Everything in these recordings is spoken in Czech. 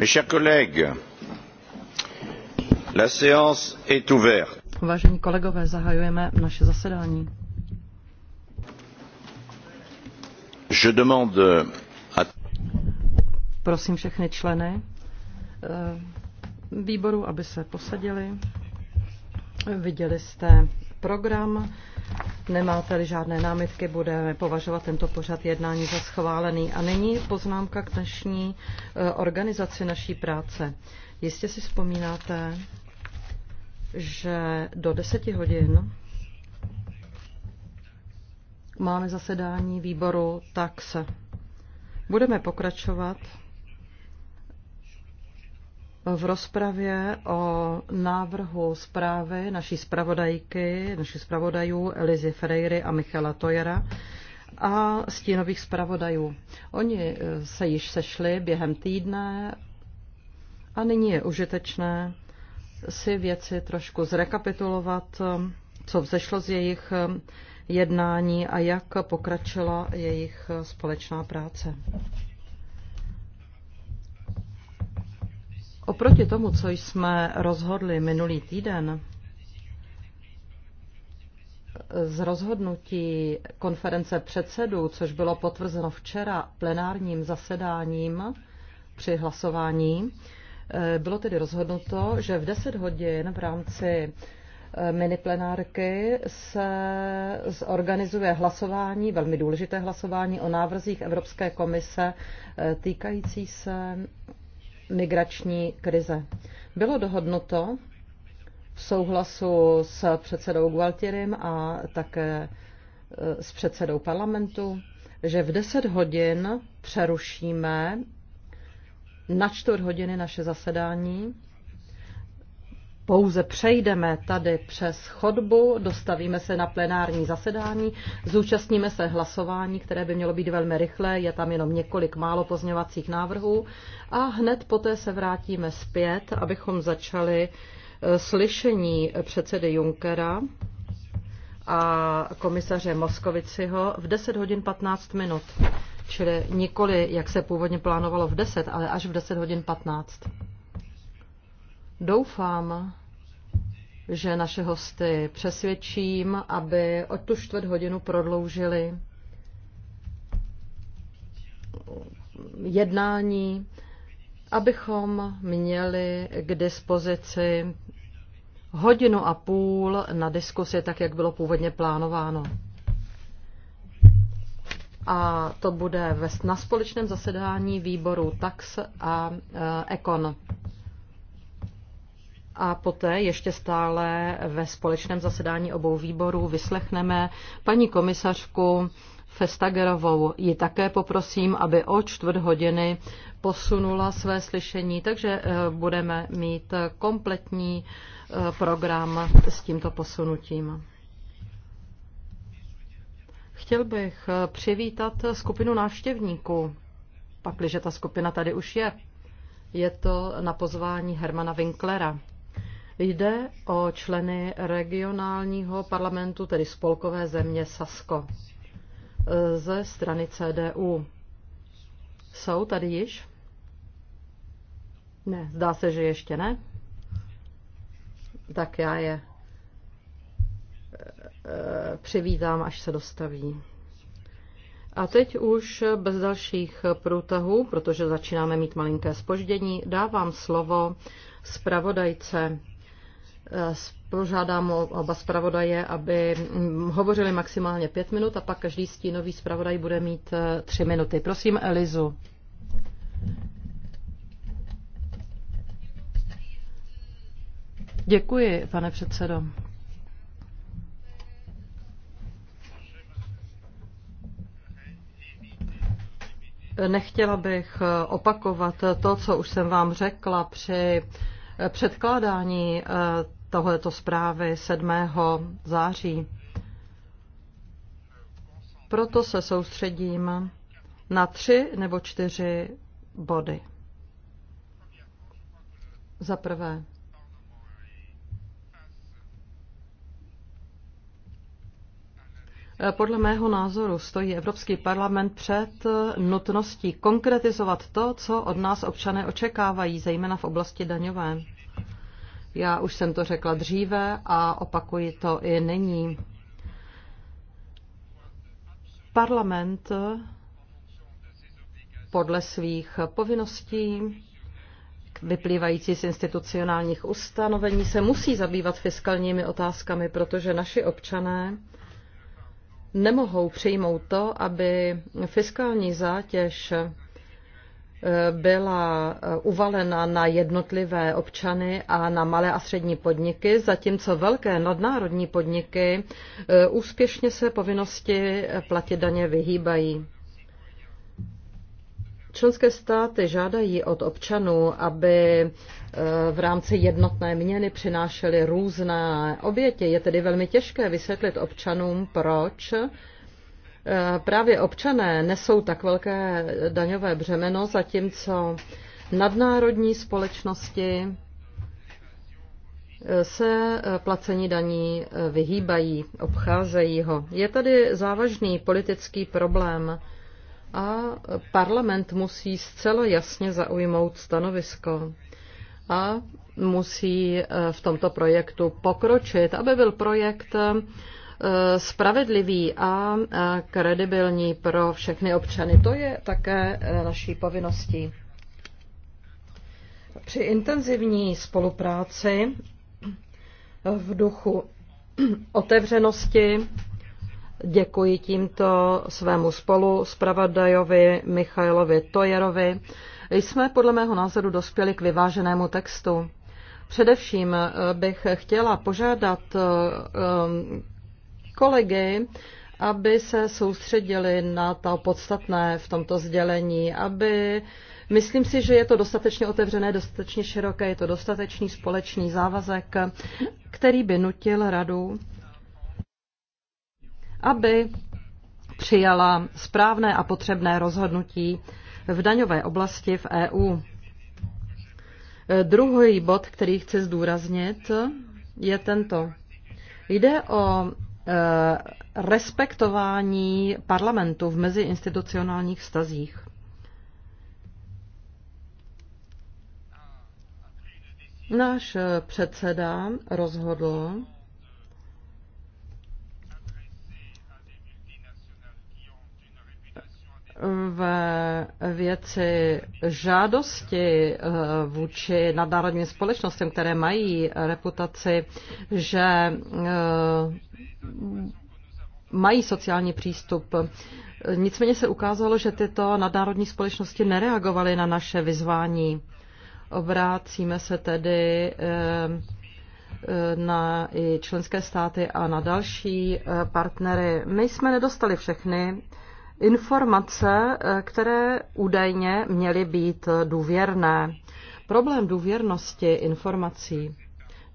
Mes chers collègues, la séance est ouverte. kolegové, naše zasedání. Je demande à... Prosím všechny členy eh, výboru, aby se posadili. Viděli jste program. Nemáte-li žádné námitky, budeme považovat tento pořad jednání za schválený. A nyní poznámka k dnešní eh, organizaci naší práce. Jistě si vzpomínáte, že do 10 hodin máme zasedání výboru TAXE. Budeme pokračovat v rozpravě o návrhu zprávy naší zpravodajky, naší zpravodajů Elizy Ferreiry a Michela Tojera a stínových zpravodajů. Oni eh, se již sešli během týdne a nyní je užitečné si věci trošku zrekapitulovat, eh, co vzešlo z jejich eh, jednání a jak pokračila jejich společná práce. Oproti tomu, co jsme rozhodli minulý týden, z rozhodnutí konference předsedů, což bylo potvrzeno včera plenárním zasedáním při hlasování, eh, bylo tedy rozhodnuto, že v 10 hodin v rámci eh, plenárky se zorganizuje hlasování, velmi důležité hlasování o návrzích Evropské komise eh, týkající se migrační krize. Bylo dohodnuto v souhlasu s předsedou Gualtierem a také e, s předsedou parlamentu, že v 10 hodin přerušíme na čtvrt hodiny naše zasedání pouze přejdeme tady přes chodbu, dostavíme se na plenární zasedání, zúčastníme se hlasování, které by mělo být velmi rychlé, je tam jenom několik málo pozněvacích návrhů a hned poté se vrátíme zpět, abychom začali eh, slyšení předsedy Junckera a komisaře Moskoviciho v 10 hodin 15 minut. Čili nikoli, jak se původně plánovalo v 10, ale až v 10 hodin 15. Doufám, že naše hosty přesvědčím, aby o tu čtvrt hodinu prodloužili jednání, abychom měli k dispozici hodinu a půl na diskusi, tak jak bylo původně plánováno. A to bude na společném zasedání výboru TAX a e, ECON a poté ještě stále ve společném zasedání obou výborů vyslechneme paní komisařku Festagerovou. Ji také poprosím, aby o čtvrt hodiny posunula své slyšení, takže eh, budeme mít kompletní eh, program s tímto posunutím. Chtěl bych eh, přivítat skupinu návštěvníků, pakliže ta skupina tady už je. Je to na pozvání Hermana Winklera. Jde o členy regionálního parlamentu, tedy spolkové země Sasko ze strany CDU. Jsou tady již? Ne, zdá se, že ještě ne. Tak já je eh, přivítám, až se dostaví. A teď už bez dalších průtahů, protože začínáme mít malinké spoždění, dávám slovo zpravodajce Požádám oba zpravodaje, aby hovořili maximálně pět minut a pak každý stínový zpravodaj bude mít eh, tři minuty. Prosím, Elizu. Děkuji, pane předsedo. Nechtěla bych eh, opakovat to, co už jsem vám řekla při eh, předkládání tohleto zprávy 7. září. Proto se soustředím na tři nebo čtyři body. Za prvé, Podle mého názoru stojí Evropský parlament před nutností konkretizovat to, co od nás občané očekávají, zejména v oblasti daňové. Já už jsem to řekla dříve a opakuji to i nyní. Parlament podle svých povinností vyplývající z institucionálních ustanovení se musí zabývat fiskálními otázkami, protože naši občané nemohou přijmout to, aby fiskální zátěž byla eh, uvalena na jednotlivé občany a na malé a střední podniky, zatímco velké nadnárodní podniky eh, úspěšně se povinnosti platit daně vyhýbají. Členské státy žádají od občanů, aby eh, v rámci jednotné měny přinášely různé oběti. Je tedy velmi těžké vysvětlit občanům, proč Eh, právě občané nesou tak velké daňové břemeno, zatímco nadnárodní společnosti eh, se eh, placení daní vyhýbají, obcházejí ho. Je tady závažný politický problém a parlament musí zcela jasně zaujmout stanovisko a musí v tomto projektu pokročit, aby byl projekt Eh, spravedlivý a eh, kredibilní pro všechny občany. To je také eh, naší povinností. Při intenzivní spolupráci v duchu otevřenosti děkuji tímto svému spolu zpravodajovi Michailovi Tojerovi. Jsme podle mého názoru dospěli k vyváženému textu. Především bych chtěla požádat kolegy, aby se soustředili na to podstatné v tomto sdělení, aby Myslím si, že je to dostatečně otevřené, dostatečně široké, je to dostatečný společný závazek, který by nutil radu, aby přijala správné a potřebné rozhodnutí v daňové oblasti v EU. Druhý bod, který chci zdůraznit, je tento. Jde o Eh, respektování parlamentu v meziinstitucionálních vztazích. Náš eh, předseda rozhodl, v věci žádosti eh, vůči nadnárodním společnostem, které mají reputaci, že eh, mají sociální přístup. Nicméně se ukázalo, že tyto nadnárodní společnosti nereagovaly na naše vyzvání. Obrácíme se tedy eh, na i členské státy a na další partnery. My jsme nedostali všechny informace, eh, které údajně měly být důvěrné. Problém důvěrnosti informací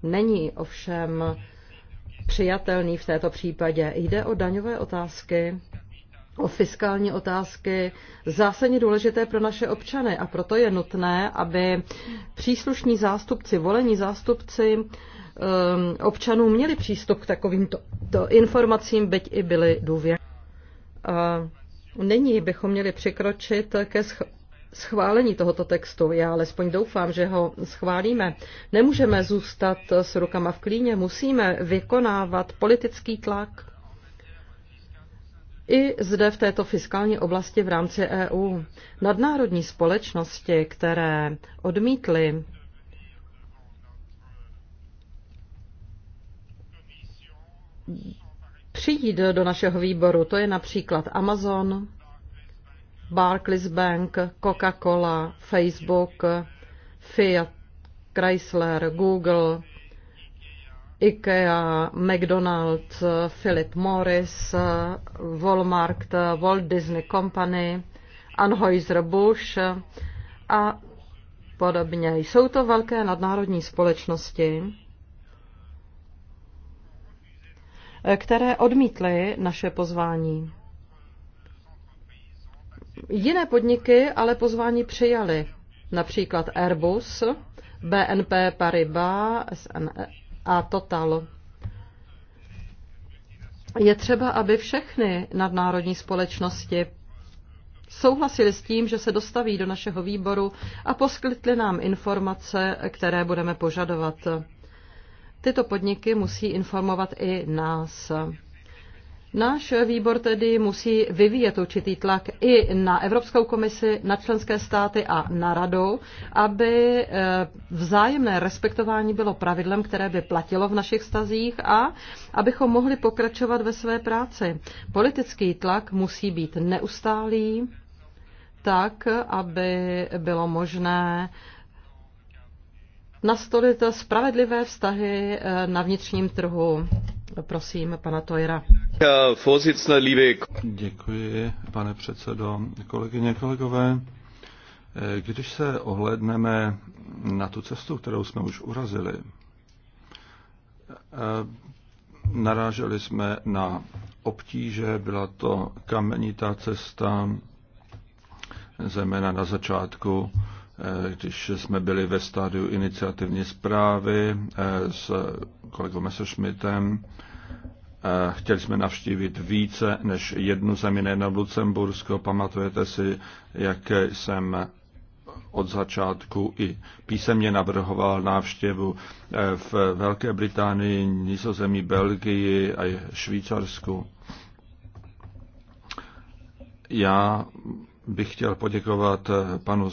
není ovšem přijatelný v této případě. Jde o daňové otázky, o fiskální otázky zásadně důležité pro naše občany a proto je nutné, aby příslušní zástupci, volení zástupci eh, občanů měli přístup k takovýmto informacím, byť i byly důvěrné. Eh, Nyní bychom měli překročit ke schválení tohoto textu. Já alespoň doufám, že ho schválíme. Nemůžeme zůstat s rukama v klíně, musíme vykonávat politický tlak i zde v této fiskální oblasti v rámci EU. Nadnárodní společnosti, které odmítly přijít do našeho výboru. To je například Amazon, Barclays Bank, Coca-Cola, Facebook, Fiat, Chrysler, Google, IKEA, McDonald's, Philip Morris, Walmart, Walt Disney Company, Anheuser-Busch a podobně. Jsou to velké nadnárodní společnosti, které odmítly naše pozvání. Jiné podniky ale pozvání přijaly, například Airbus, BNP Paribas e a Total. Je třeba, aby všechny nadnárodní společnosti souhlasili s tím, že se dostaví do našeho výboru a poskytli nám informace, které budeme požadovat. Tyto podniky musí informovat i nás. Náš výbor tedy musí vyvíjet určitý tlak i na Evropskou komisi, na členské státy a na radu, aby eh, vzájemné respektování bylo pravidlem, které by platilo v našich stazích a abychom mohli pokračovat ve své práci. Politický tlak musí být neustálý, tak, aby bylo možné nastolit spravedlivé vztahy eh, na vnitřním trhu. Prosím, pana Tojra. Děkuji, pane předsedo. Kolegyně, kolegové, eh, když se ohledneme na tu cestu, kterou jsme už urazili, eh, naráželi jsme na obtíže, byla to kamenitá cesta, zejména na začátku Eh, když jsme byli ve stádiu iniciativní zprávy eh, s kolegou Messerschmittem, eh, chtěli jsme navštívit více než jednu zemi, nejenom Lucembursko. Pamatujete si, jak jsem od začátku i písemně navrhoval návštěvu v Velké Británii, Nizozemí, Belgii a Švýcarsku. Já bych chtěl poděkovat panu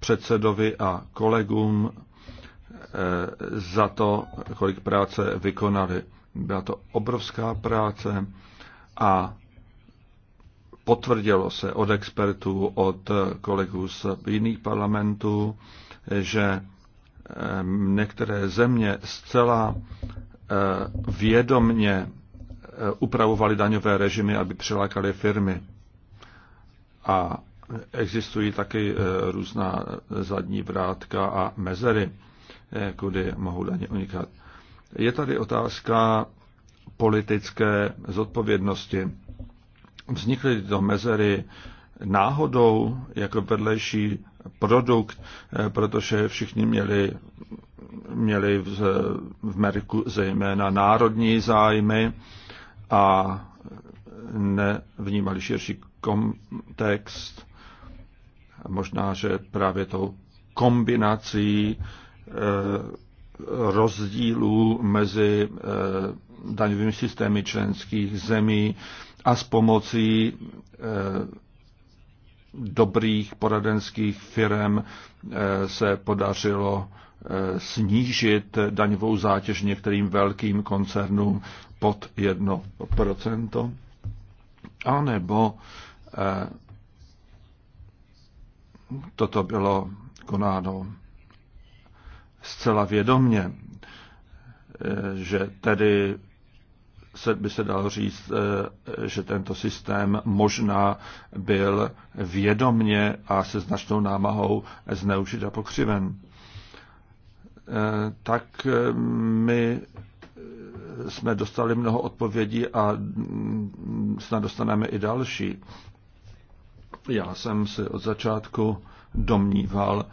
předsedovi a kolegům eh, za to, kolik práce vykonali. Byla to obrovská práce a potvrdilo se od expertů, od kolegů z jiných parlamentů, že eh, některé země zcela eh, vědomně upravovali daňové režimy, aby přilákali firmy. A Existují taky eh, různá eh, zadní vrátka a mezery, eh, kudy mohou daně unikat. Je tady otázka politické zodpovědnosti. Vznikly tyto mezery náhodou jako vedlejší produkt, protože všichni měli, měli v, v Merku zejména národní zájmy a nevnímali širší kontext Možná, že právě tou kombinací e, rozdílů mezi e, daňovými systémy členských zemí a s pomocí e, dobrých poradenských firm se podařilo snížit daňovou zátěž některým velkým koncernům pod 1%, nebo toto bylo konáno zcela vědomně, eh, že tedy se, by se dalo říct, eh, že tento systém možná byl vědomně a se značnou námahou zneužit a pokřiven. Eh, tak my jsme dostali mnoho odpovědí a mm, snad dostaneme i další. Já jsem si od začátku domníval,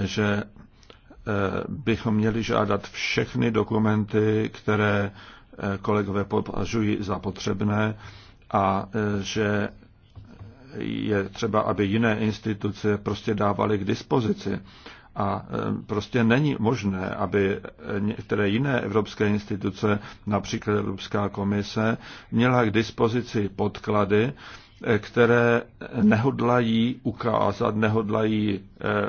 že eh, bychom měli žádat všechny dokumenty, které eh, kolegové považují za potřebné a eh, že je třeba, aby jiné instituce prostě dávaly k dispozici. A prostě není možné, aby některé jiné evropské instituce, například Evropská komise, měla k dispozici podklady, které nehodlají ukázat, nehodlají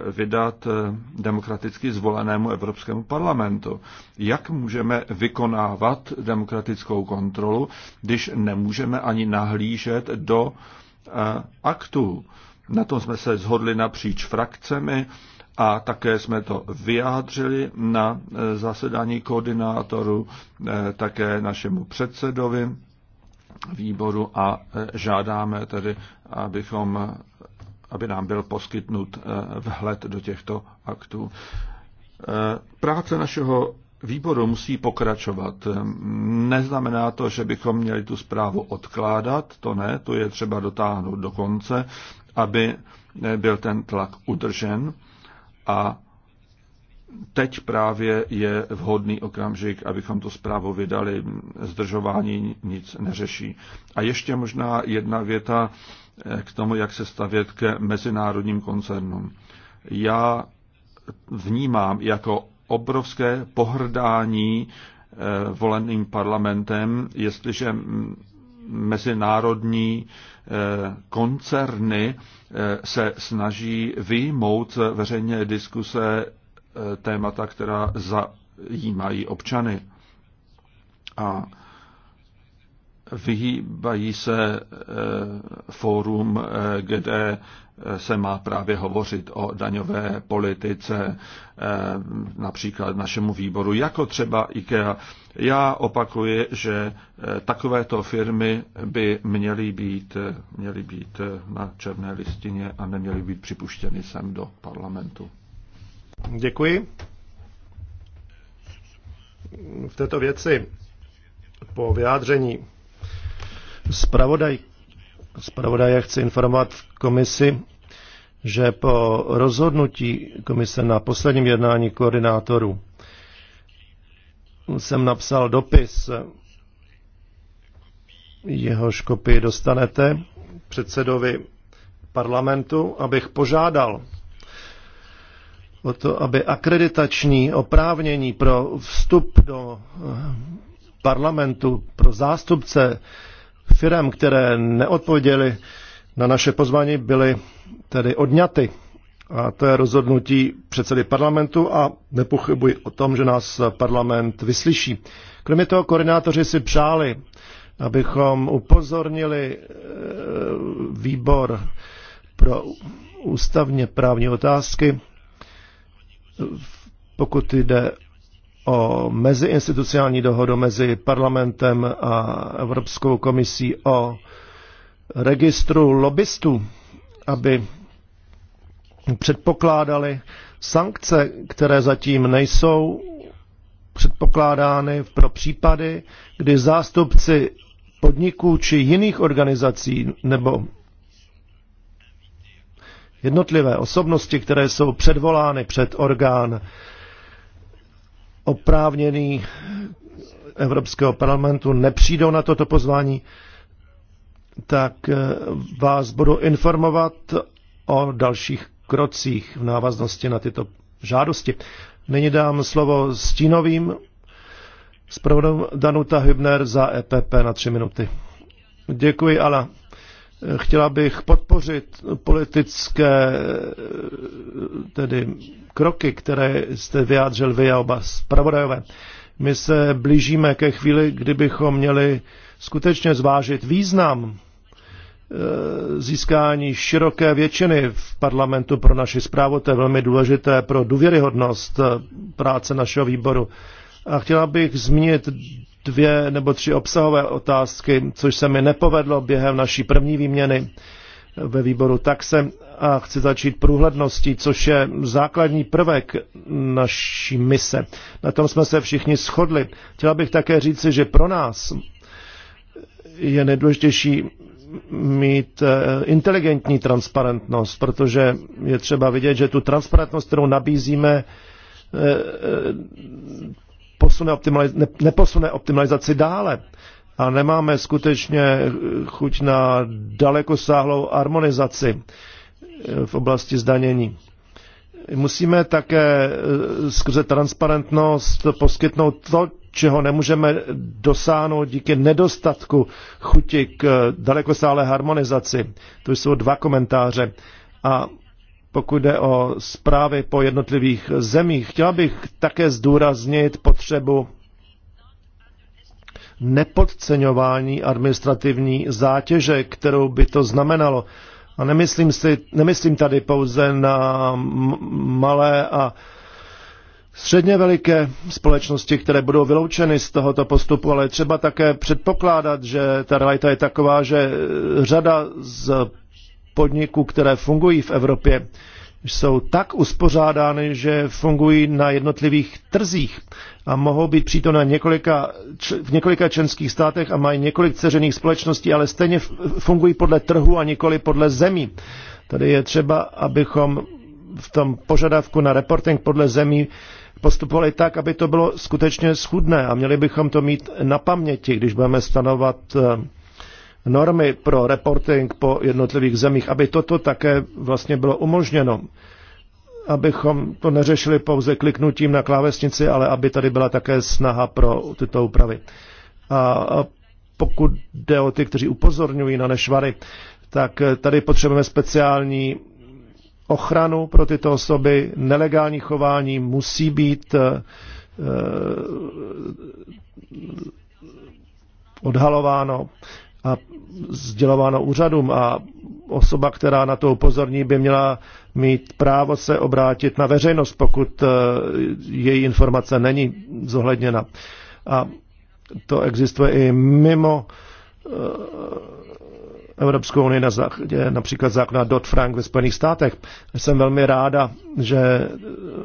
eh, vydat eh, demokraticky zvolenému Evropskému parlamentu. Jak můžeme vykonávat demokratickou kontrolu, když nemůžeme ani nahlížet do eh, aktů? Na tom jsme se zhodli napříč frakcemi a také jsme to vyjádřili na zasedání koordinátoru, také našemu předsedovi výboru a e, žádáme tedy, abychom, e, aby nám byl poskytnut e, vhled do těchto aktů. Práce našeho výboru musí pokračovat. Neznamená to, že bychom měli tu zprávu odkládat, to ne, to je třeba dotáhnout do konce, aby byl ten tlak udržen a teď právě je vhodný okamžik, abychom to zprávu vydali. Zdržování nic neřeší. A ještě možná jedna věta eh, k tomu, jak se stavět ke mezinárodním koncernům. Já vnímám jako obrovské pohrdání eh, voleným parlamentem, jestliže mezinárodní eh, koncerny se snaží vyjmout veřejně diskuse Eh, témata, která zajímají občany. A vyhýbají se eh, fórum, eh, kde se má právě hovořit o daňové politice, například našemu výboru, jako třeba IKEA. Já opakuji, že takovéto firmy by měly být, měly být na černé listině a neměly být připuštěny sem do parlamentu. Děkuji. V této věci po vyjádření zpravodaj, zpravodaje chci informovat komisi, že po rozhodnutí komise na posledním jednání koordinátorů jsem napsal dopis, jehož kopii dostanete předsedovi parlamentu, abych požádal o to, aby akreditační oprávnění pro vstup do eh, parlamentu pro zástupce firm, které neodpověděly na naše pozvání, byly tedy odňaty. A to je rozhodnutí předsedy parlamentu a nepochybuji o tom, že nás parlament vyslyší. Kromě toho koordinátoři si přáli, abychom upozornili eh, výbor pro ústavně právní otázky pokud jde o meziinstitucionální dohodu mezi parlamentem a Evropskou komisí o registru lobbystů, aby předpokládali sankce, které zatím nejsou předpokládány pro případy, kdy zástupci podniků či jiných organizací nebo jednotlivé osobnosti, které jsou předvolány před orgán oprávněný Evropského parlamentu, nepřijdou na toto pozvání, tak eh, vás budu informovat o dalších krocích v návaznosti na tyto žádosti. Nyní dám slovo stínovým zpravodajům Danuta Hübner za EPP na tři minuty. Děkuji, Ala. Chtěla bych podpořit politické tedy kroky, které jste vyjádřil vy a oba zpravodajové. My se blížíme ke chvíli, kdybychom měli skutečně zvážit význam e, získání široké většiny v parlamentu pro naši zprávu. To je velmi důležité pro důvěryhodnost e, práce našeho výboru. A chtěla bych zmínit dvě nebo tři obsahové otázky, což se mi nepovedlo během naší první výměny ve výboru taxe a chci začít průhledností, což je základní prvek naší mise. Na tom jsme se všichni shodli. Chtěla bych také říci, že pro nás je nejdůležitější mít eh, inteligentní transparentnost, protože je třeba vidět, že tu transparentnost, kterou nabízíme, eh, eh, neposune, optimaliz- neposune optimalizaci dále. A nemáme skutečně chuť na dalekosáhlou harmonizaci eh, v oblasti zdanění. Musíme také eh, skrze transparentnost poskytnout to, čeho nemůžeme dosáhnout díky nedostatku chuti k eh, dalekosáhlé harmonizaci. To jsou dva komentáře. A pokud jde o zprávy po jednotlivých zemích, chtěla bych také zdůraznit potřebu nepodceňování administrativní zátěže, kterou by to znamenalo. A nemyslím, si, nemyslím tady pouze na malé a středně veliké společnosti, které budou vyloučeny z tohoto postupu, ale třeba také předpokládat, že ta realita je taková, že řada z podniků, které fungují v Evropě, jsou tak uspořádány, že fungují na jednotlivých trzích a mohou být přítomné několika, v několika členských státech a mají několik ceřených společností, ale stejně fungují podle trhu a nikoli podle zemí. Tady je třeba, abychom v tom požadavku na reporting podle zemí postupovali tak, aby to bylo skutečně schudné a měli bychom to mít na paměti, když budeme stanovat eh, normy pro reporting po jednotlivých zemích, aby toto také vlastně bylo umožněno. Abychom to neřešili pouze kliknutím na klávesnici, ale aby tady byla také snaha pro tyto úpravy. A pokud jde o ty, kteří upozorňují na nešvary, tak tady potřebujeme speciální ochranu pro tyto osoby. Nelegální chování musí být eh, odhalováno a sdělováno úřadům a osoba, která na to upozorní, by měla mít právo se obrátit na veřejnost, pokud eh, její informace není zohledněna. A to existuje i mimo eh, Evropskou unii na základě například zákona Dodd-Frank ve Spojených státech. Jsem velmi ráda, že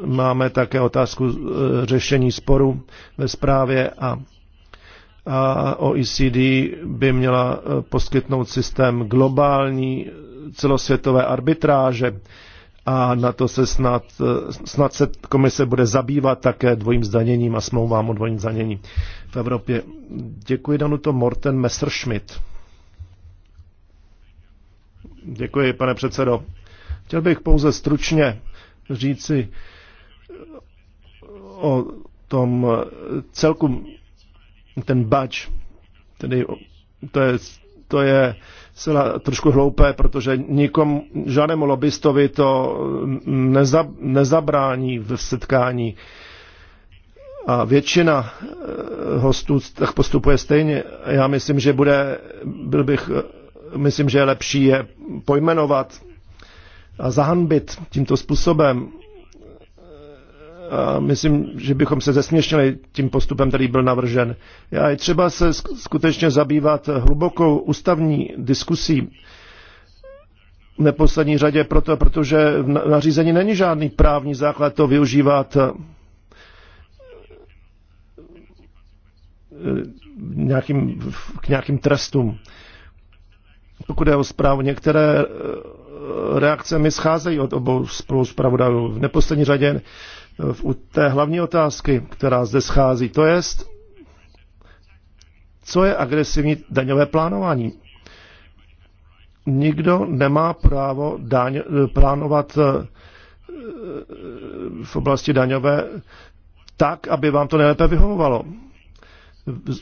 máme také otázku eh, řešení sporu ve zprávě a a OECD by měla eh, poskytnout systém globální eh, celosvětové arbitráže a na to se snad, eh, snad se komise bude zabývat také dvojím zdaněním a smlouvám o dvojím zdanění v Evropě. Děkuji Danuto Morten Messerschmidt. Děkuji, pane předsedo. Chtěl bych pouze stručně říci o tom celku ten bač, tedy to je, to je celá trošku hloupé, protože nikom, žádnému lobbystovi to mm, mm, neza, nezabrání v setkání. A většina eh, hostů tak postupuje stejně. Já myslím, že bude, byl bych, myslím, že je lepší je pojmenovat a zahanbit tímto způsobem myslím, že bychom se zesměšnili tím postupem, který byl navržen. Já je třeba se skutečně zabývat hlubokou ústavní diskusí v neposlední řadě proto, protože v nařízení není žádný právní základ to využívat e, nějakým, k nějakým trestům. Pokud je o zprávu, některé e, reakce mi scházejí od obou zpravodajů. V neposlední řadě u té hlavní otázky, která zde schází, to je, co je agresivní daňové plánování. Nikdo nemá právo daň, plánovat eh, eh, v oblasti daňové tak, aby vám to nejlépe vyhovovalo.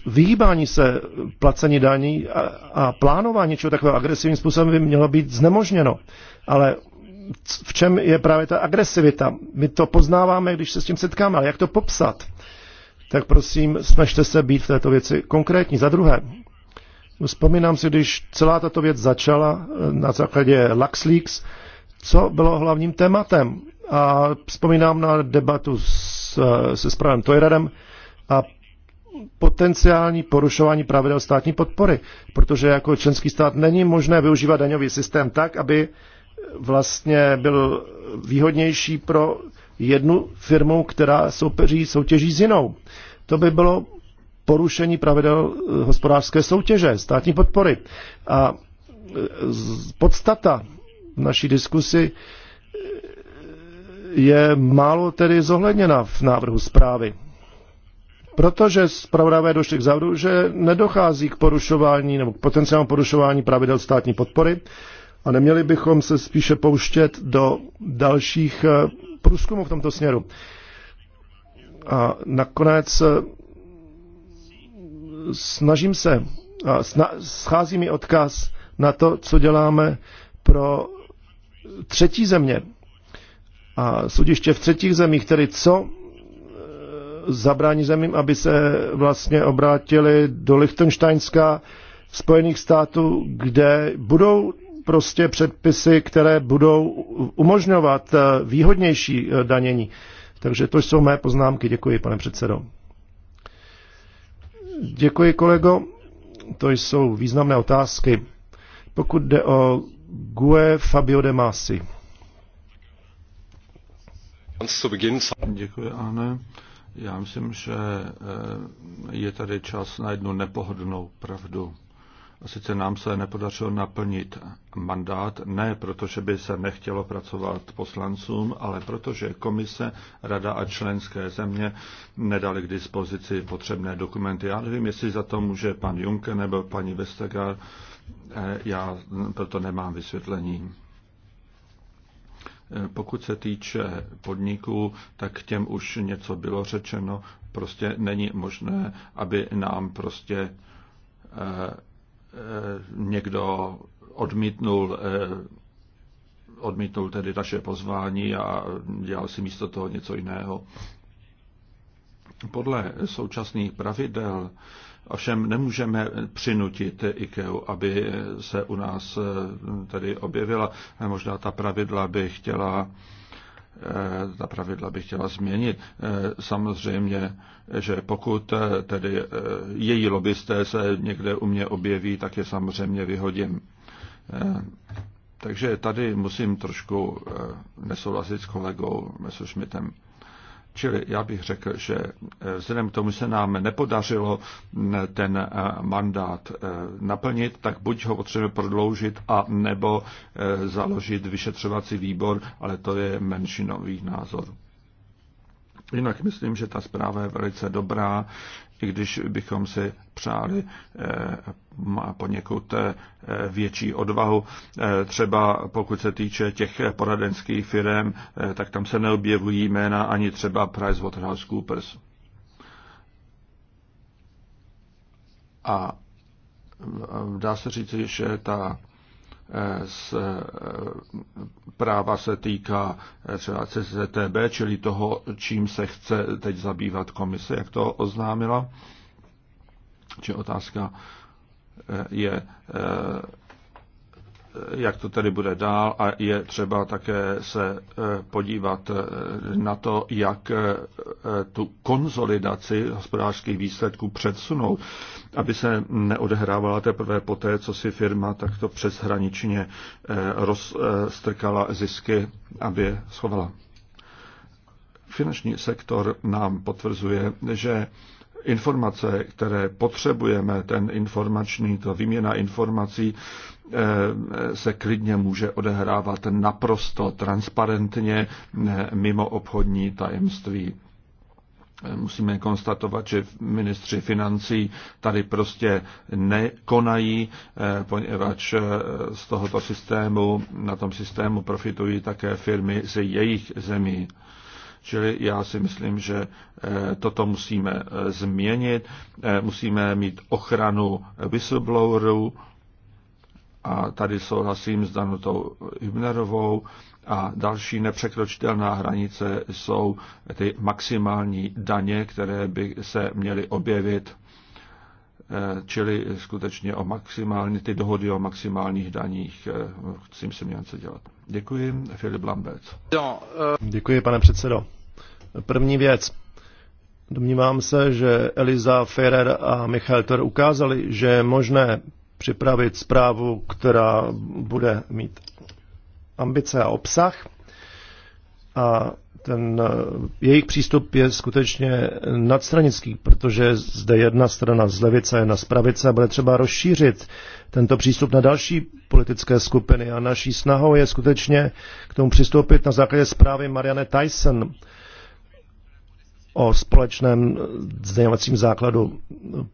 Vyhýbání se placení daní a, a plánování něčeho takového agresivním způsobem by mělo být znemožněno. Ale v čem je právě ta agresivita. My to poznáváme, když se s tím setkáme, ale jak to popsat? Tak prosím, snažte se být v této věci konkrétní. Za druhé, vzpomínám si, když celá tato věc začala eh, na základě LuxLeaks, co bylo hlavním tématem. A vzpomínám na debatu s, eh, se správem Tojradem a potenciální porušování pravidel státní podpory, protože jako členský stát není možné využívat daňový systém tak, aby vlastně byl výhodnější pro jednu firmu, která soupeří soutěží s jinou. To by bylo porušení pravidel eh, hospodářské soutěže, státní podpory. A eh, podstata naší diskusy eh, je málo tedy zohledněna v návrhu zprávy. Protože zpravodavé došli k závodu, že nedochází k porušování nebo k potenciálnímu porušování pravidel státní podpory, a neměli bychom se spíše pouštět do dalších eh, průzkumů v tomto směru. A nakonec eh, snažím se, a sna, schází mi odkaz na to, co děláme pro třetí země a sudiště v třetích zemích, tedy co eh, zabrání zemím, aby se vlastně obrátili do Lichtensteinska, Spojených států, kde budou prostě předpisy, které budou umožňovat eh, výhodnější eh, danění. Takže to jsou mé poznámky. Děkuji, pane předsedo. Děkuji, kolego. To jsou významné otázky. Pokud jde o GUE Fabio De Masi. Děkuji, Anne. Já myslím, že eh, je tady čas na jednu nepohodlnou pravdu. Sice nám se nepodařilo naplnit mandát, ne protože by se nechtělo pracovat poslancům, ale protože komise, rada a členské země nedali k dispozici potřebné dokumenty. Já nevím, jestli za to může pan Juncker nebo paní Vestager, eh, já proto nemám vysvětlení. Eh, pokud se týče podniků, tak těm už něco bylo řečeno. Prostě není možné, aby nám prostě eh, Eh, někdo odmítnul, eh, odmítnul tedy naše pozvání a dělal si místo toho něco jiného. Podle současných pravidel ovšem nemůžeme přinutit IKEA, aby se u nás eh, tedy objevila. Možná ta pravidla by chtěla Eh, ta pravidla bych chtěla změnit. Eh, samozřejmě, že pokud eh, tedy její lobbysté se někde u mě objeví, tak je samozřejmě vyhodím. Takže tady musím trošku nesouhlasit s kolegou Messerschmittem. Čili já bych řekl, že eh, vzhledem k tomu se nám nepodařilo mm, ten eh, mandát eh, naplnit, tak buď ho potřebujeme prodloužit a nebo založit vyšetřovací výbor, ale to je menšinový názor. Jinak myslím, že ta zpráva je velice dobrá, i když bychom si přáli eh, poněkud eh, větší odvahu. Eh, třeba pokud se týče těch poradenských firm, tak tam se neobjevují jména ani třeba PricewaterhouseCoopers. A dá se říct, že ta z eh, práva se týká eh, třeba CzTB, čili toho, čím se chce teď zabývat komise, jak to oznámila. Či otázka eh, je jak to tedy bude dál a je třeba také se eh, podívat eh, na to, jak eh, tu konzolidaci hospodářských výsledků předsunout, aby se neodehrávala teprve poté, co si firma takto přeshraničně rozstrkala zisky, aby je schovala. Finanční sektor nám potvrzuje, že informace, které potřebujeme, ten informační, to výměna informací, Eh, se klidně může odehrávat naprosto transparentně mimo obchodní tajemství. Eh, musíme konstatovat, že ministři financí tady prostě nekonají, eh, poněvadž z tohoto systému, na tom systému profitují také firmy ze jejich zemí. Čili já si myslím, že toto musíme změnit. Musíme mít ochranu whistleblowerů a tady souhlasím s Danutou Hübnerovou, a další nepřekročitelná hranice jsou ty maximální daně, které by se měly objevit, eh, čili skutečně o maximální, ty dohody o maximálních daních, eh, s tím se měl co dělat. Děkuji, Filip Lambec. Děkuji, pane předsedo. První věc. Domnívám se, že Eliza Ferrer a Michal Ter ukázali, že je možné připravit zprávu, která bude mít ambice a obsah. A ten eh, jejich přístup je skutečně nadstranický, protože zde jedna strana z levice, jedna z pravice a bude třeba rozšířit tento přístup na další politické skupiny. A naší snahou je skutečně k tomu přistoupit na základě zprávy Marianne Tyson o společném eh, zdaňovacím základu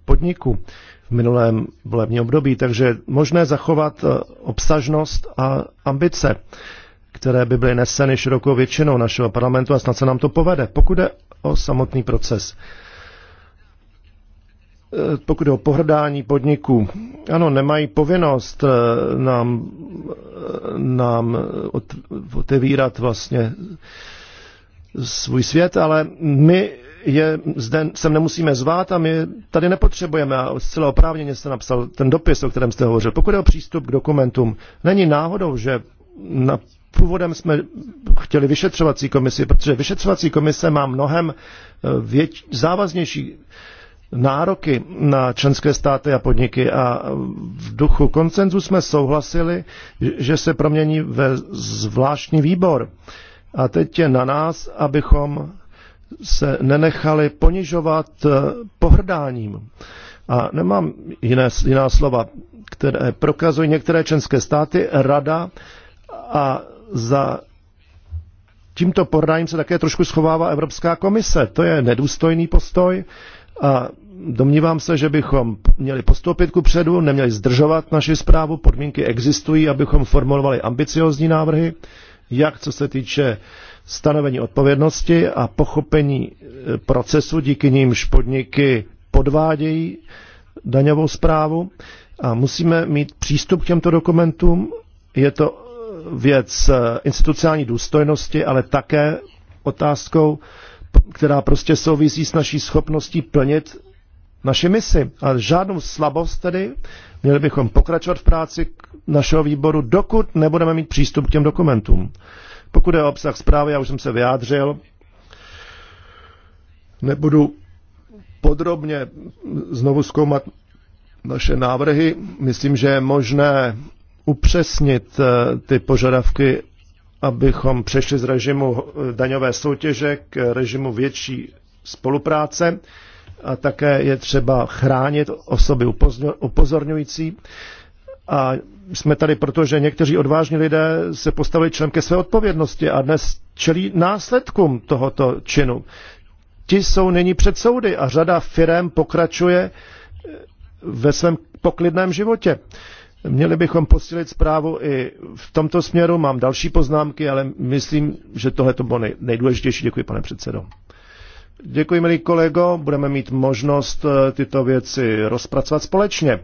podniku v minulém volebním období, takže možné zachovat eh, obsažnost a ambice, které by byly neseny širokou většinou našeho parlamentu a snad se nám to povede, pokud je o samotný proces. Eh, pokud je o pohrdání podniků, ano, nemají povinnost eh, nám, nám otevírat vlastně svůj svět, ale my je zde sem nemusíme zvát a my tady nepotřebujeme. A zcela oprávněně jste napsal ten dopis, o kterém jste hovořil. Pokud je o přístup k dokumentům, není náhodou, že na původem jsme chtěli vyšetřovací komisi, protože vyšetřovací komise má mnohem eh, věč, závaznější nároky na členské státy a podniky a v duchu koncenzu jsme souhlasili, že se promění ve zvláštní výbor. A teď je na nás, abychom se nenechali ponižovat eh, pohrdáním. A nemám jiné, jiná slova, které prokazují některé členské státy, rada a za tímto pohrdáním se také trošku schovává Evropská komise. To je nedůstojný postoj a domnívám se, že bychom měli postoupit ku předu, neměli zdržovat naši zprávu, podmínky existují, abychom formulovali ambiciozní návrhy jak co se týče stanovení odpovědnosti a pochopení e, procesu, díky nímž podniky podvádějí daňovou zprávu. A musíme mít přístup k těmto dokumentům. Je to e, věc e, institucionální důstojnosti, ale také otázkou, která prostě souvisí s naší schopností plnit naše misi. A žádnou slabost tedy Měli bychom pokračovat v práci našeho výboru, dokud nebudeme mít přístup k těm dokumentům. Pokud je o obsah zprávy, já už jsem se vyjádřil, nebudu podrobně znovu zkoumat naše návrhy. Myslím, že je možné upřesnit eh, ty požadavky, abychom přešli z režimu daňové soutěže k režimu větší spolupráce a také je třeba chránit osoby upozorňující. A jsme tady proto, že někteří odvážní lidé se postavili člen ke své odpovědnosti a dnes čelí následkům tohoto činu. Ti jsou nyní před soudy a řada firem pokračuje eh, ve svém poklidném životě. Měli bychom posílit zprávu i v tomto směru. Mám další poznámky, ale myslím, že tohle to bylo nejdůležitější. Děkuji, pane předsedo. Děkuji, milý kolego. Budeme mít možnost eh, tyto věci rozpracovat společně.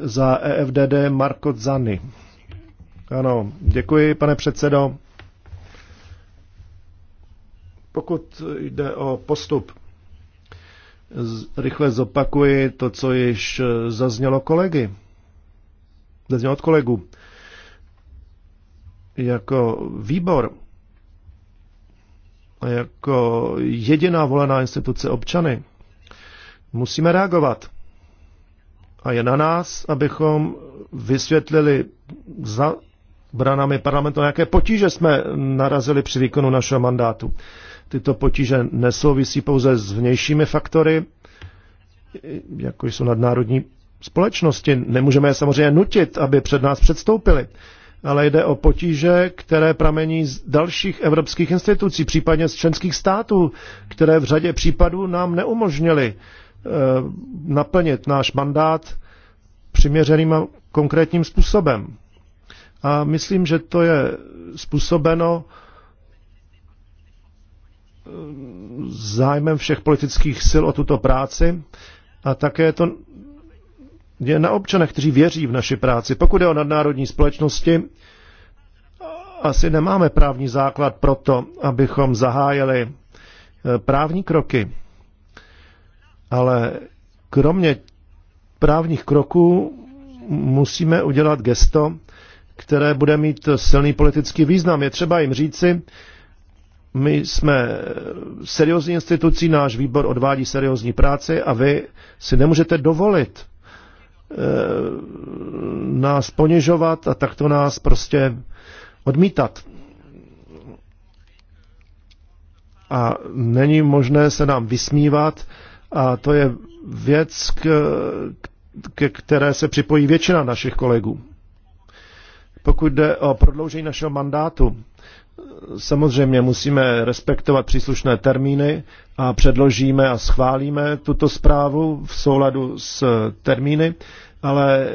Za EFDD Marko Zany. Ano, děkuji, pane předsedo. Pokud jde o postup, rychle zopakuji to, co již eh, zaznělo kolegy. Zaznělo od kolegu. Jako výbor jako jediná volená instituce občany, musíme reagovat. A je na nás, abychom vysvětlili za branami parlamentu, na jaké potíže jsme narazili při výkonu našeho mandátu. Tyto potíže nesouvisí pouze s vnějšími faktory, jako jsou nadnárodní společnosti. Nemůžeme je samozřejmě nutit, aby před nás předstoupili ale jde o potíže, které pramení z dalších evropských institucí, případně z členských států, které v řadě případů nám neumožnili eh, naplnit náš mandát přiměřeným a konkrétním způsobem. A myslím, že to je způsobeno eh, zájmem všech politických sil o tuto práci a také je to je na občanech, kteří věří v naši práci. Pokud je o nadnárodní společnosti, asi nemáme právní základ pro to, abychom zahájili eh, právní kroky. Ale kromě právních kroků musíme udělat gesto, které bude mít silný politický význam. Je třeba jim říci, my jsme seriózní institucí, náš výbor odvádí seriózní práci a vy si nemůžete dovolit Eh, nás ponižovat a takto nás prostě odmítat. A není možné se nám vysmívat a to je věc, ke které se připojí většina našich kolegů. Pokud jde o prodloužení našeho mandátu, Samozřejmě musíme respektovat příslušné termíny a předložíme a schválíme tuto zprávu v souladu s termíny, ale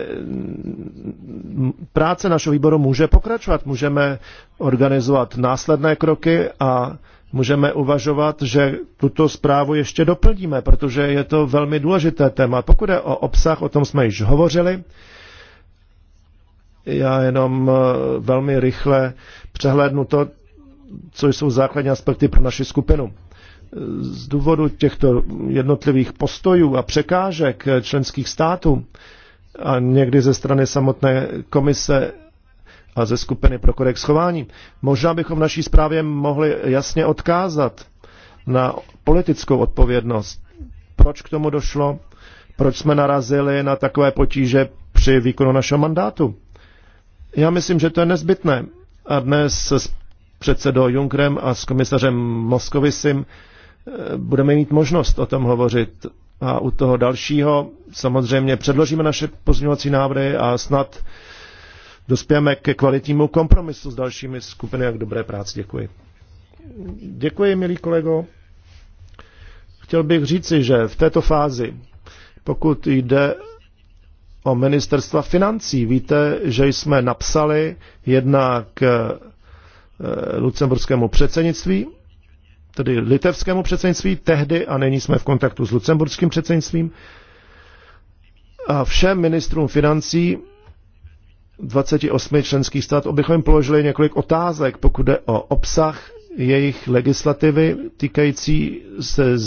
práce našeho výboru může pokračovat. Můžeme organizovat následné kroky a můžeme uvažovat, že tuto zprávu ještě doplníme, protože je to velmi důležité téma. Pokud je o obsah, o tom jsme již hovořili, já jenom eh, velmi rychle přehlédnu to, co jsou základní aspekty pro naši skupinu. Eh, z důvodu těchto jednotlivých postojů a překážek eh, členských států a někdy ze strany samotné komise a ze skupiny pro kodex chování, možná bychom v naší zprávě mohli jasně odkázat na politickou odpovědnost. Proč k tomu došlo? Proč jsme narazili na takové potíže při výkonu našeho mandátu? Já myslím, že to je nezbytné. A dnes s předsedou Junkrem a s komisařem Moskovisem eh, budeme mít možnost o tom hovořit. A u toho dalšího samozřejmě předložíme naše pozměňovací návrhy a snad dospějeme ke kvalitnímu kompromisu s dalšími skupiny. Jak dobré práci, děkuji. Děkuji, milý kolego. Chtěl bych říci, že v této fázi, pokud jde o ministerstva financí. Víte, že jsme napsali jednak eh, lucemburskému předsednictví, tedy litevskému předsednictví tehdy a nyní jsme v kontaktu s lucemburským předsednictvím a všem ministrům financí 28 členských států, abychom jim položili několik otázek, pokud jde o obsah jejich legislativy týkající se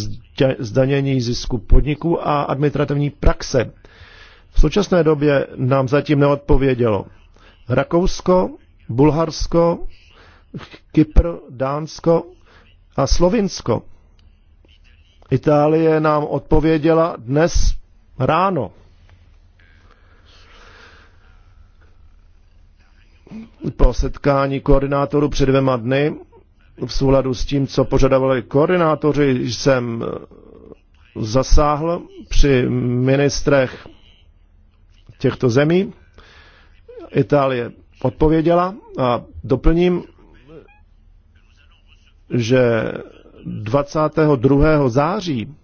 zdanění zisku podniků a administrativní praxe v současné době nám zatím neodpovědělo. Rakousko, Bulharsko, Kypr, Dánsko a Slovinsko. Itálie nám odpověděla dnes ráno. Po setkání koordinátorů před dvěma dny v souladu s tím, co požadovali koordinátoři, jsem zasáhl při ministrech těchto zemí. Itálie odpověděla a doplním, že 22. září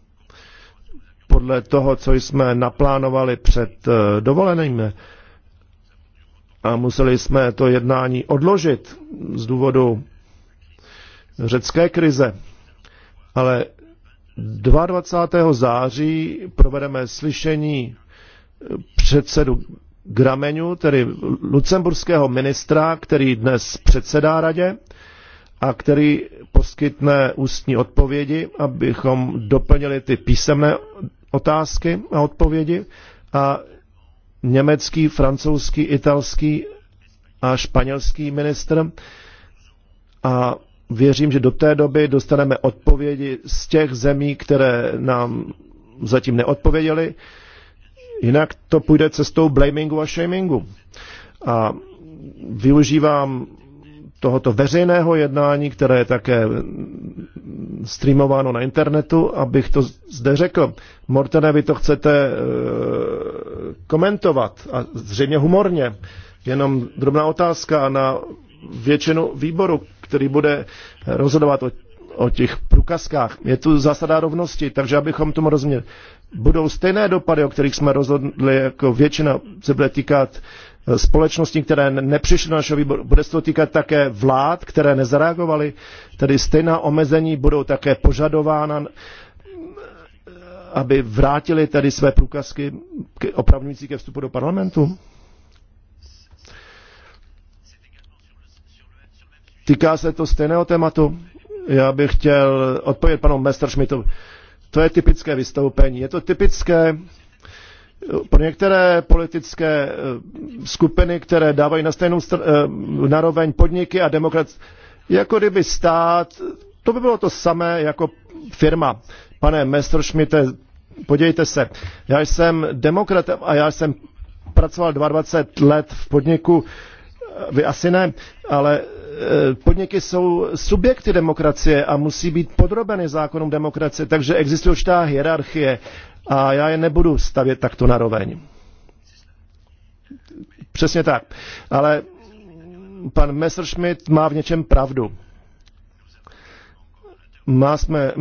podle toho, co jsme naplánovali před eh, dovolenými, a museli jsme to jednání odložit z důvodu řecké krize. Ale 22. září provedeme slyšení předsedu Grameňu, tedy lucemburského ministra, který dnes předsedá radě a který poskytne ústní odpovědi, abychom doplnili ty písemné otázky a odpovědi. A německý, francouzský, italský a španělský ministr. A věřím, že do té doby dostaneme odpovědi z těch zemí, které nám zatím neodpověděly. Jinak to půjde cestou blamingu a shamingu. A využívám tohoto veřejného jednání, které je také streamováno na internetu, abych to zde řekl. Mortene, vy to chcete eh, komentovat a zřejmě humorně. Jenom drobná otázka na většinu výboru, který bude eh, rozhodovat o, o těch průkazkách. Je tu zásada rovnosti, takže abychom tomu rozuměli budou stejné dopady, o kterých jsme rozhodli, jako většina se bude týkat eh, společností, které nepřišly na našeho výboru. Bude se to týkat také vlád, které nezareagovaly, tedy stejná omezení budou také požadována, eh, aby vrátili tedy své průkazky opravňující ke vstupu do parlamentu? Týká se to stejného tématu? Já bych chtěl odpovědět panu Messerschmittovi. To je typické vystoupení. Je to typické eh, pro některé politické eh, skupiny, které dávají na stejnou str- eh, naroveň podniky a demokrat, jako kdyby stát, to by bylo to samé jako firma. Pane Mestrošmite, podívejte se, já jsem demokrat a já jsem pracoval 22 let v podniku, vy asi ne, ale e, podniky jsou subjekty demokracie a musí být podrobeny zákonům demokracie, takže existuje určitá hierarchie a já je nebudu stavět takto na roveň. Přesně tak. Ale pan Messerschmidt má v něčem pravdu. Má jsme,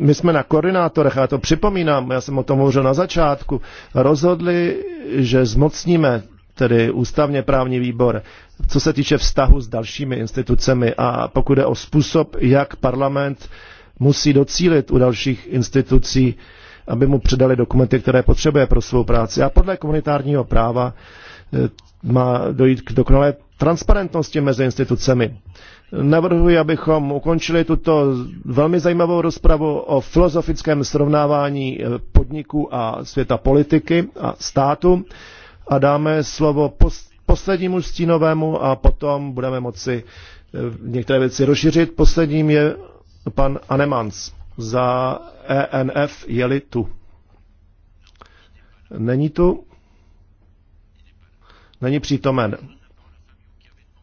my jsme na koordinátorech, a to připomínám, já jsem o tom hovořil na začátku, rozhodli, že zmocníme tedy ústavně právní výbor, co se týče vztahu s dalšími institucemi a pokud je o způsob, jak parlament musí docílit u dalších institucí, aby mu předali dokumenty, které potřebuje pro svou práci. A podle komunitárního práva eh, má dojít k dokonalé transparentnosti mezi institucemi. Navrhuji, abychom ukončili tuto velmi zajímavou rozpravu o filozofickém srovnávání eh, podniků a světa politiky a státu a dáme slovo poslednímu stínovému a potom budeme moci eh, některé věci rozšířit. Posledním je pan Anemans za ENF, je tu. Není tu? Není přítomen.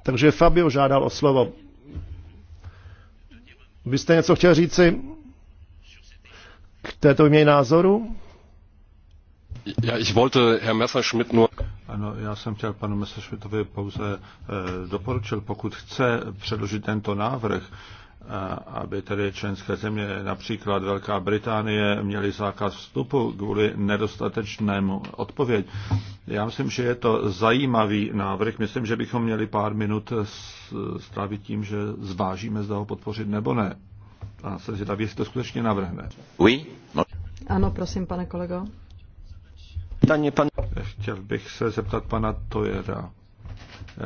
Takže Fabio žádal o slovo. Vy jste něco chtěl říci k této mějí názoru? Já, ich wollte Herr Messerschmidt nur... Ano, já jsem chtěl panu Messerschmittovi pouze eh, doporučil, pokud chce předložit tento návrh, eh, aby tedy členské země, například Velká Británie, měly zákaz vstupu kvůli nedostatečnému odpověď. Já myslím, že je to zajímavý návrh. Myslím, že bychom měli pár minut strávit tím, že zvážíme, zda ho podpořit nebo ne. A se zvědavě, jestli to skutečně navrhne. Oui. Ano, prosím, pane kolego pytanie pan... Chtěl bych se zeptat pana Tojera,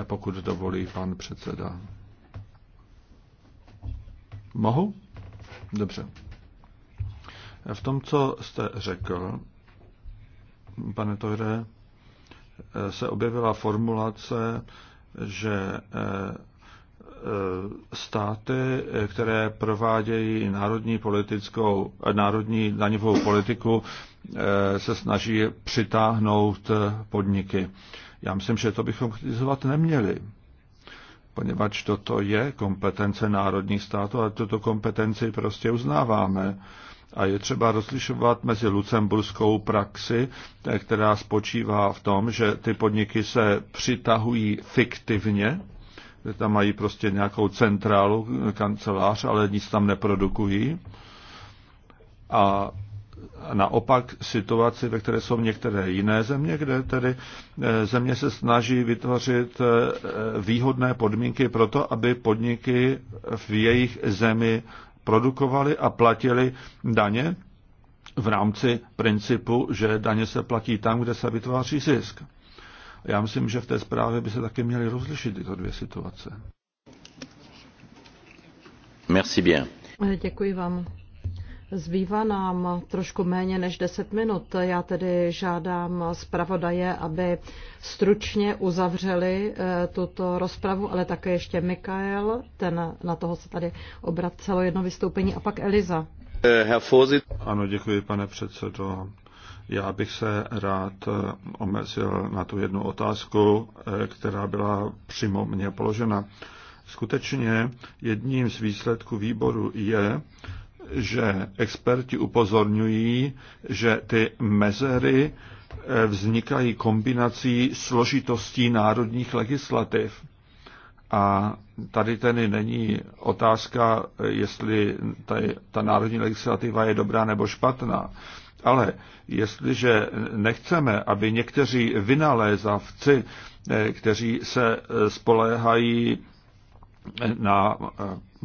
pokud dovolí pan předseda. Mohu? Dobře. V tom, co jste řekl, pane Tojere, se objevila formulace, že eh, eh, státy, které provádějí národní politickou, eh, národní daňovou politiku, Eh, se snaží přitáhnout eh, podniky. Já myslím, že to bychom kritizovat neměli, poněvadž toto je kompetence národních států a tuto kompetenci prostě uznáváme. A je třeba rozlišovat mezi lucemburskou praxi, eh, která spočívá v tom, že ty podniky se přitahují fiktivně, že tam mají prostě nějakou centrálu, kancelář, ale nic tam neprodukují. A naopak situaci, ve které jsou některé jiné země, kde tedy eh, země se snaží vytvořit eh, výhodné podmínky pro to, aby podniky v jejich zemi produkovaly a platily daně v rámci principu, že daně se platí tam, kde se vytváří zisk. Já myslím, že v té zprávě by se taky měly rozlišit tyto dvě situace. Merci bien. Děkuji vám. Zbývá nám trošku méně než 10 minut. Já tedy žádám zpravodaje, aby stručně uzavřeli eh, tuto rozpravu, ale také ještě Mikael, ten na toho se tady obracelo jedno vystoupení, a pak Eliza. Eh, ano, děkuji, pane předsedo. Já bych se rád eh, omezil na tu jednu otázku, která byla přímo mně položena. Skutečně jedním z výsledků výboru je, že experti upozorňují, že ty mezery eh, vznikají kombinací složitostí národních legislativ. A tady tedy není otázka, jestli ta, ta národní legislativa je dobrá nebo špatná. Ale jestliže nechceme, aby někteří vynalézavci, eh, kteří se eh, spoléhají na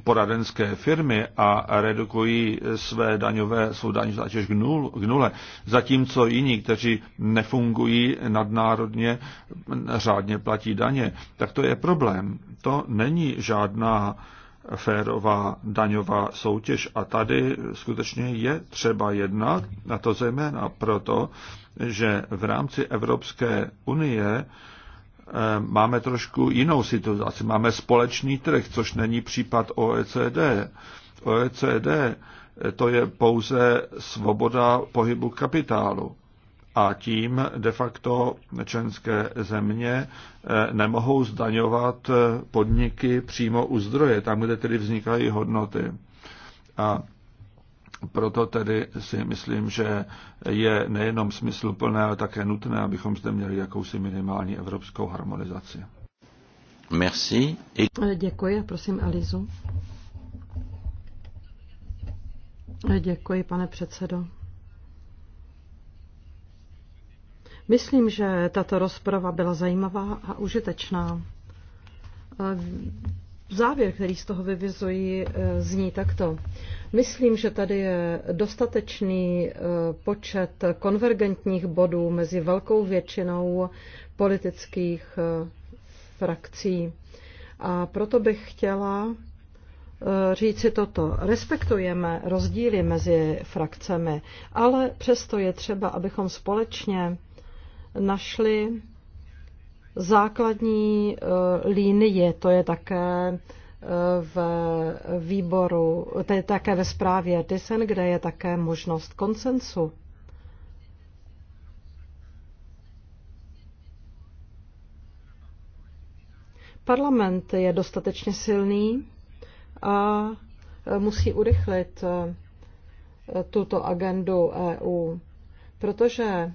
poradenské firmy a redukují své daňové, svou daň zátěž k, nul, k nule, zatímco jiní, kteří nefungují nadnárodně, řádně platí daně, tak to je problém. To není žádná férová daňová soutěž a tady skutečně je třeba jednat, a to zejména proto, že v rámci Evropské unie Eh, máme trošku jinou situaci. Máme společný trh, což není případ OECD. OECD eh, to je pouze svoboda pohybu kapitálu. A tím de facto členské země eh, nemohou zdaňovat podniky přímo u zdroje, tam, kde tedy vznikají hodnoty. A proto tedy si myslím, že je nejenom smysluplné, ale také nutné, abychom zde měli jakousi minimální evropskou harmonizaci. Merci. Děkuji, prosím Elizu. Děkuji, pane předsedo. Myslím, že tato rozprava byla zajímavá a užitečná. Závěr, který z toho vyvizuji, eh, zní takto. Myslím, že tady je dostatečný eh, počet konvergentních bodů mezi velkou většinou politických eh, frakcí. A proto bych chtěla říci toto. Respektujeme rozdíly mezi frakcemi, ale přesto je třeba, abychom společně našli základní eh, linie, to je také eh, v výboru, to je také ve zprávě DISEN, kde je také možnost konsensu. Parlament je dostatečně silný a eh, musí urychlit tuto agendu EU, protože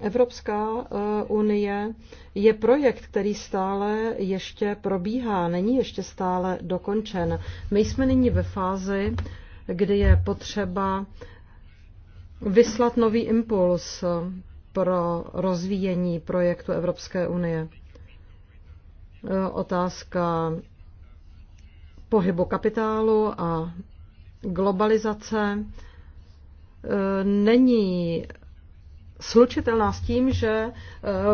Evropská eh, unie je projekt, který stále ještě probíhá, není ještě stále dokončen. My jsme nyní ve fázi, kdy je potřeba vyslat nový impuls pro rozvíjení projektu Evropské unie. Eh, otázka pohybu kapitálu a globalizace eh, není slučitelná s tím, že eh,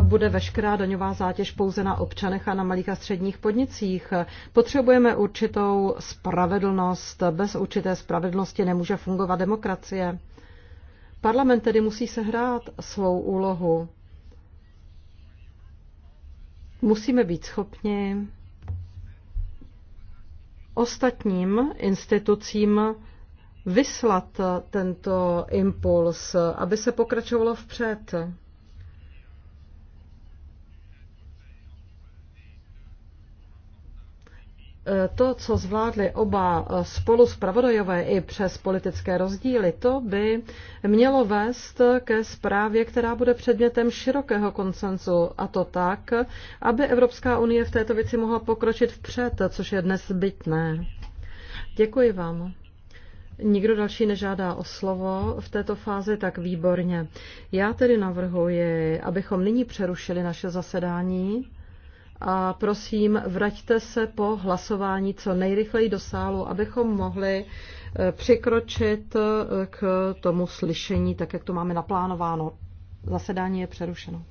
bude veškerá daňová zátěž pouze na občanech a na malých a středních podnicích. Potřebujeme určitou spravedlnost. Bez určité spravedlnosti nemůže fungovat demokracie. Parlament tedy musí sehrát svou úlohu. Musíme být schopni ostatním institucím vyslat tento impuls, aby se pokračovalo vpřed. To, co zvládli oba spolu zpravodajové i přes politické rozdíly, to by mělo vést ke zprávě, která bude předmětem širokého konsenzu a to tak, aby Evropská unie v této věci mohla pokročit vpřed, což je dnes zbytné. Děkuji vám. Nikdo další nežádá o slovo v této fázi, tak výborně. Já tedy navrhuji, abychom nyní přerušili naše zasedání a prosím, vraťte se po hlasování co nejrychleji do sálu, abychom mohli e, přikročit e, k tomu slyšení, tak jak to máme naplánováno. Zasedání je přerušeno.